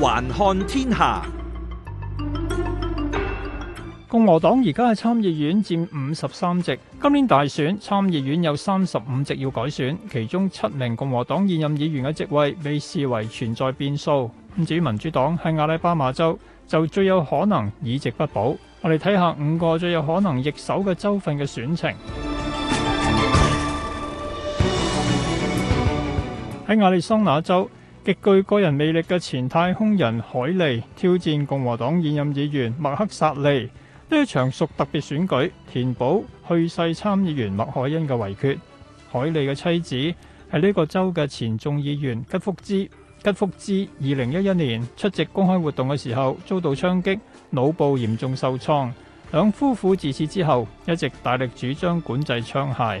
環看天下，共和黨而家喺參議院占五十三席。今年大選，參議院有三十五席要改選，其中七名共和黨現任議員嘅職位被視為存在變數。咁至於民主黨喺阿拉巴馬州，就最有可能議席不保。我哋睇下五個最有可能易手嘅州份嘅選情。亞利桑那州，極具個人魅力嘅前太空人海利挑戰共和黨現任議員麥克薩利，呢一場屬特別選舉，填補去世參議員麥凱恩嘅遺缺。海利嘅妻子係呢個州嘅前眾議員吉福茲，吉福茲二零一一年出席公開活動嘅時候遭到槍擊，腦部嚴重受創。兩夫婦自此之後一直大力主張管制槍械。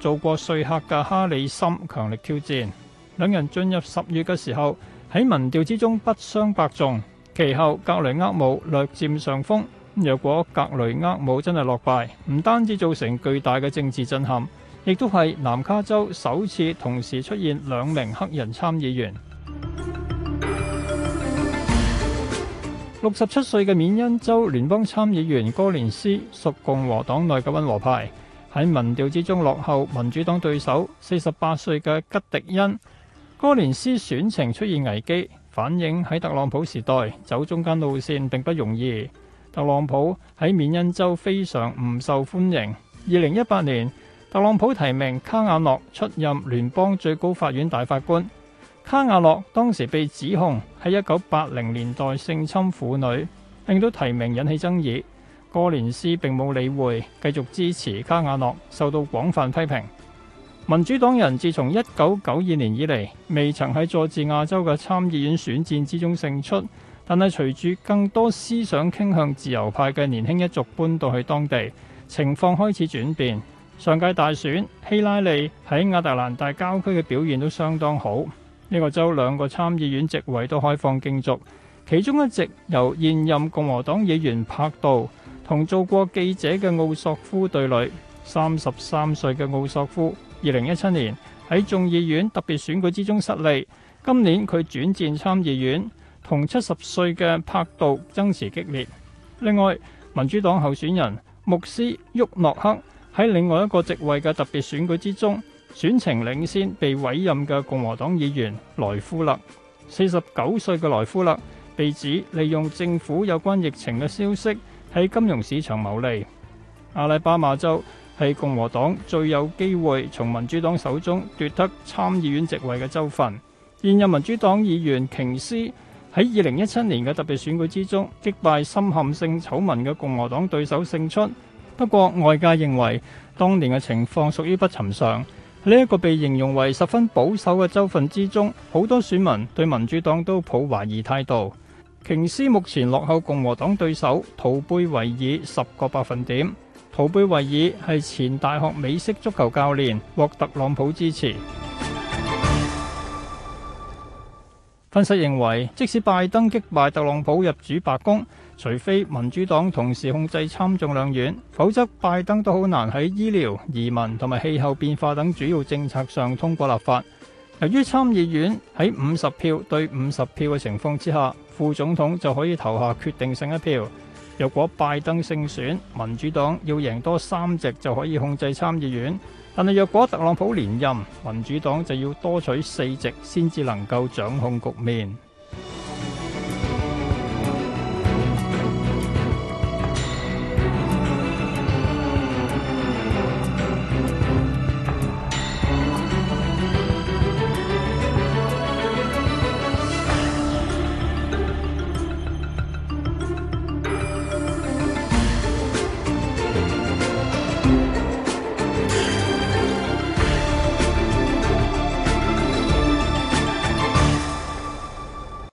做過說客嘅哈里森強力挑戰，兩人進入十月嘅時候，喺民調之中不相伯仲，其後格雷厄姆略佔上風。若果格雷厄姆真係落敗，唔單止造成巨大嘅政治震撼，亦都係南卡州首次同時出現兩名黑人參議員。六十七歲嘅緬因州聯邦參議員哥連斯屬共和黨內嘅溫和派。喺民調之中落後民主黨對手，四十八歲嘅吉迪恩哥連斯選情出現危機，反映喺特朗普時代走中間路線並不容易。特朗普喺緬因州非常唔受歡迎。二零一八年，特朗普提名卡瓦諾出任聯邦最高法院大法官，卡瓦諾當時被指控喺一九八零年代性侵婦女，令到提名引起爭議。哥連斯並冇理會，繼續支持卡瓦諾，受到廣泛批評。民主黨人自從一九九二年以嚟，未曾喺佐治亞州嘅參議院選戰之中勝出。但係隨住更多思想傾向自由派嘅年輕一族搬到去當地，情況開始轉變。上屆大選，希拉里喺亞特蘭大郊區嘅表現都相當好。呢、這個州兩個參議院席位都開放競逐，其中一席由現任共和黨議員柏道。同做過記者嘅奧索夫對壘，三十三歲嘅奧索夫，二零一七年喺眾議院特別選舉之中失利。今年佢轉戰參議院，同七十歲嘅柏杜爭持激烈。另外，民主黨候選人牧師沃諾克喺另外一個席位嘅特別選舉之中，選情領先被委任嘅共和黨議員萊夫勒，四十九歲嘅萊夫勒被指利用政府有關疫情嘅消息。喺金融市場牟利。阿拉巴馬州係共和黨最有機會從民主黨手中奪得參議院席位嘅州份。現任民主黨議員瓊斯喺二零一七年嘅特別選舉之中擊敗深陷性醜聞嘅共和黨對手勝出。不過外界認為當年嘅情況屬於不尋常。呢一個被形容為十分保守嘅州份之中，好多選民對民主黨都抱懷疑態度。瓊斯目前落後共和黨對手圖貝維爾十個百分點。圖貝維爾係前大學美式足球教練，獲特朗普支持。分析認為，即使拜登擊敗特朗普入主白宮，除非民主黨同時控制參眾兩院，否則拜登都好難喺醫療、移民同埋氣候變化等主要政策上通過立法。由於參議院喺五十票對五十票嘅情況之下，副總統就可以投下決定性一票。若果拜登勝選，民主黨要贏多三席就可以控制參議院；但係若果特朗普連任，民主黨就要多取四席先至能夠掌控局面。